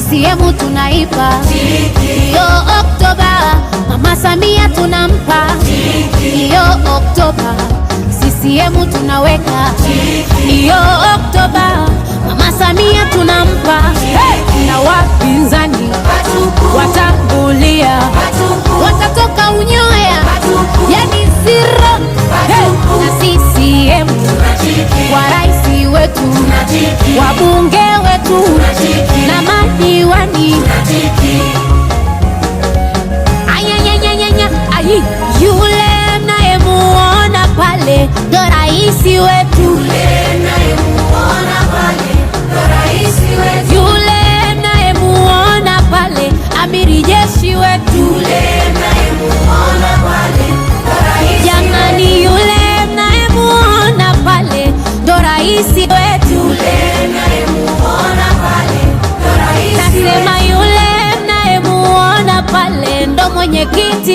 CCM tunaipa hiyo Oktoba, Mama Samia tunampa hiyo Oktoba, CCM tunaweka hiyo Oktoba, Mama Samia tunampa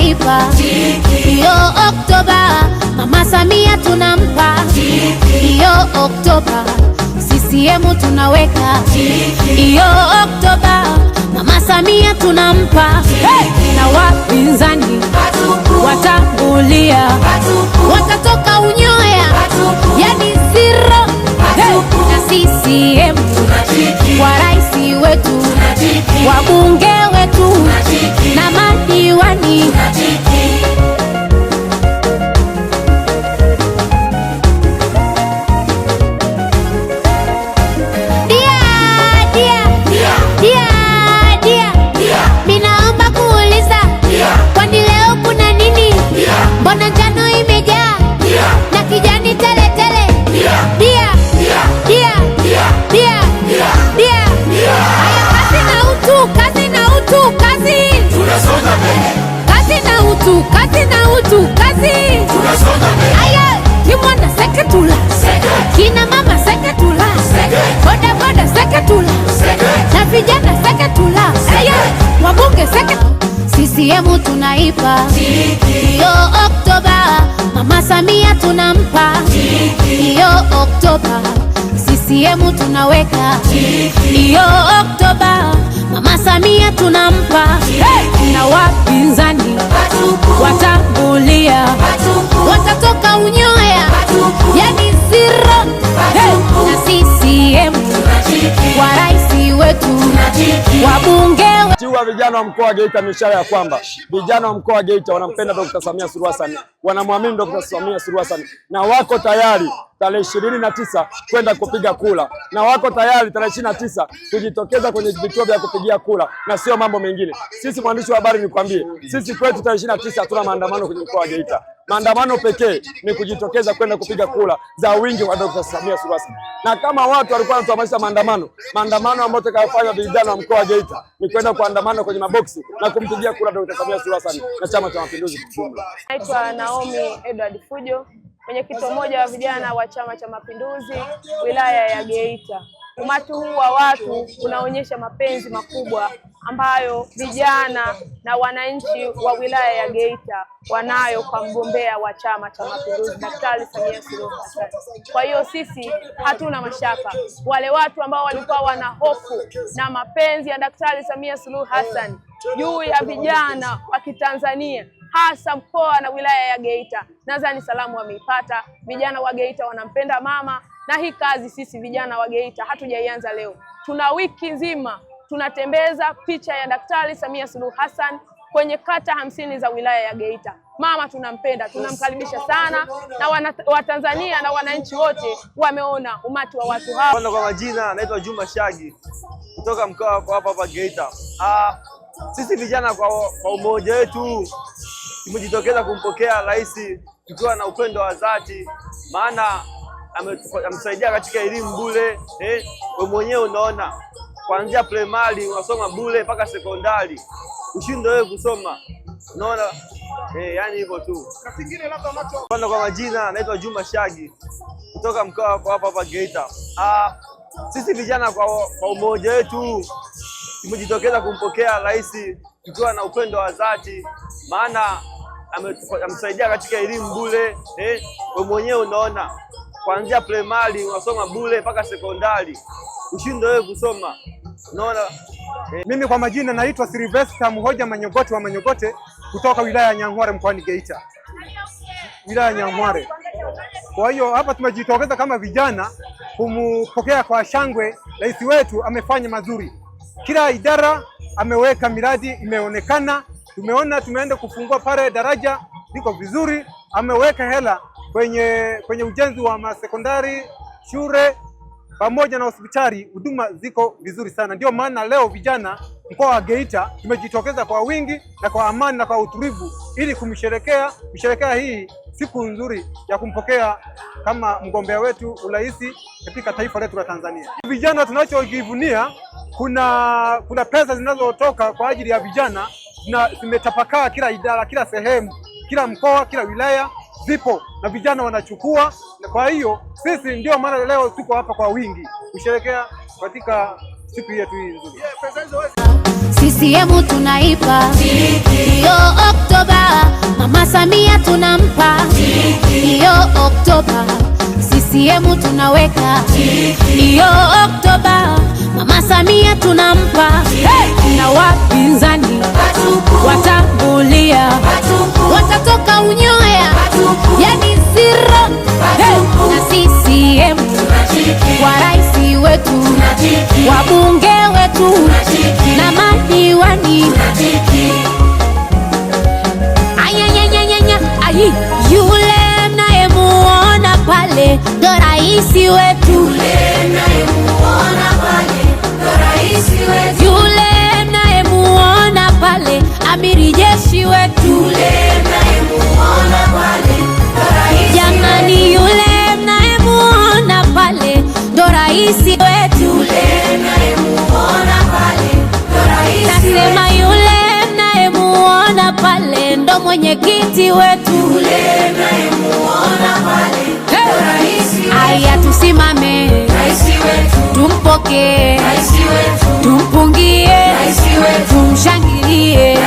taifa. Hiyo Oktoba Mama Samia tunampa. Hiyo Oktoba CCM tunaweka. Hiyo Oktoba Mama Samia tunampa. Hey! na wapinzani watambulia watatoka unyoya, yani zero CCM wa rais wetu wabunge wetu na madiwani CCM tunaipa hiyo Oktoba, Mama Samia tunampa hiyo Oktoba, CCM tunaweka hiyo Oktoba, Mama Samia tunampa hey! na wapinzani watambulia watatoka unyoya yani zero hey! na CCM wa rais wetu wabunge Wakati huu wa vijana wa mkoa wa Geita ni ishara ya kwamba vijana wa mkoa wa Geita wanampenda Dr. Samia Suluhu Hassan, wanamwamini Dr. Samia Suluhu Hassan na wako tayari tarehe ishirini na tisa kwenda kupiga kura, na wako tayari tarehe ishirini na tisa kujitokeza kwenye vituo vya kupigia kura na sio mambo mengine. Sisi mwandishi wa habari, nikwambie, sisi kwetu tarehe ishirini na tisa hatuna maandamano kwenye mkoa wa Geita. Maandamano pekee ni kujitokeza kwenda kupiga kura za wingi wa Dr. Samia Suluhu Hassan. Na kama watu walikuwa wanatuhamasisha maandamano, maandamano ambayo tutakayofanya vijana wa mkoa wa Geita ni kwenda kuandamana kwenye maboksi na kumpigia kura Dr. Samia Suluhu Hassan na Chama cha Mapinduzi kwa jumla. Naitwa Naomi Edward Fujo mwenyekiti mmoja wa vijana wa Chama cha Mapinduzi wilaya ya Geita. Umati huu wa watu unaonyesha mapenzi makubwa ambayo vijana na wananchi wa wilaya ya Geita wanayo kwa mgombea wa Chama cha Mapinduzi Daktari Samia Suluhu Hassan. Kwa hiyo sisi hatuna mashaka, wale watu ambao walikuwa wana hofu na mapenzi ya Daktari Samia Suluhu Hassan juu ya vijana wa Kitanzania hasa mkoa na wilaya ya Geita. Nadhani salamu wameipata, vijana wa Geita wanampenda mama, na hii kazi sisi vijana wa Geita hatujaianza leo, tuna wiki nzima tunatembeza picha ya Daktari Samia Suluhu Hassan kwenye kata hamsini za wilaya ya Geita. Mama tunampenda, tunamkaribisha sana, na Watanzania na wananchi wote wameona umati wa watu hapa. Kwa majina anaitwa Juma Shagi kutoka mkoa hapa hapa Geita. Ah, sisi vijana kwa, kwa umoja wetu tumejitokeza kumpokea rais tukiwa na upendo wa dhati, maana amesaidia katika elimu bure. Eh, mwenyewe unaona, kuanzia primary unasoma bure mpaka sekondari, ushindo wewe kusoma, unaona eh, yani hivyo tu. Kwanza kwa majina, naitwa Juma Shagi kutoka mkoa wa hapa hapa Geita. Ah, sisi vijana kwa, kwa umoja wetu tumejitokeza kumpokea rais tukiwa na upendo wa dhati, maana amesaidia katika elimu bure eh, we mwenyewe unaona kuanzia primary unasoma bure mpaka sekondari, ushindo wewe kusoma, unaona eh. Mimi kwa majina naitwa Silvesta Mhoja Manyogote wa Manyogote kutoka wilaya ya Nyang'hwale mkoani Geita, wilaya ya Nyang'hwale. Kwa hiyo hapa tumejitokeza kama vijana kumpokea kwa shangwe. Rais wetu amefanya mazuri, kila idara ameweka miradi imeonekana Tumeona tumeenda kufungua pale daraja liko vizuri, ameweka hela kwenye kwenye ujenzi wa masekondari, shule pamoja na hospitali, huduma ziko vizuri sana. Ndio maana leo vijana mkoa wa Geita tumejitokeza kwa wingi na kwa amani na kwa utulivu, ili kumsherekea kusherekea hii siku nzuri ya kumpokea kama mgombea wetu urais katika taifa letu la Tanzania. Vijana tunachojivunia, kuna kuna pesa zinazotoka kwa ajili ya vijana zimetapakaa kila idara, kila sehemu, kila mkoa, kila wilaya zipo na vijana wanachukua. Kwa hiyo sisi ndio maana leo tuko hapa kwa wingi kusherekea katika siku yetu hii nzuri. CCM tunaipa hiyo Oktoba, Mama Samia tunampa hiyo Oktoba, CCM tunaweka hiyo Oktoba Mama Samia tunampa hey! na wapinzani watambulia, watatoka unyoya yani zero hey! na CCM wa rais wetu wabunge wetu na madiwani yule mnayemuona pale ndo raisi wetu amiri jeshi wetu yule mnayemuona pale, jamani, yule mnayemuona pale ndo rais wetu, nasema yule mnayemuona pale ndo mwenyekiti wetu. Aya, tusimame tumpokee, tumpungie, tumshangilie.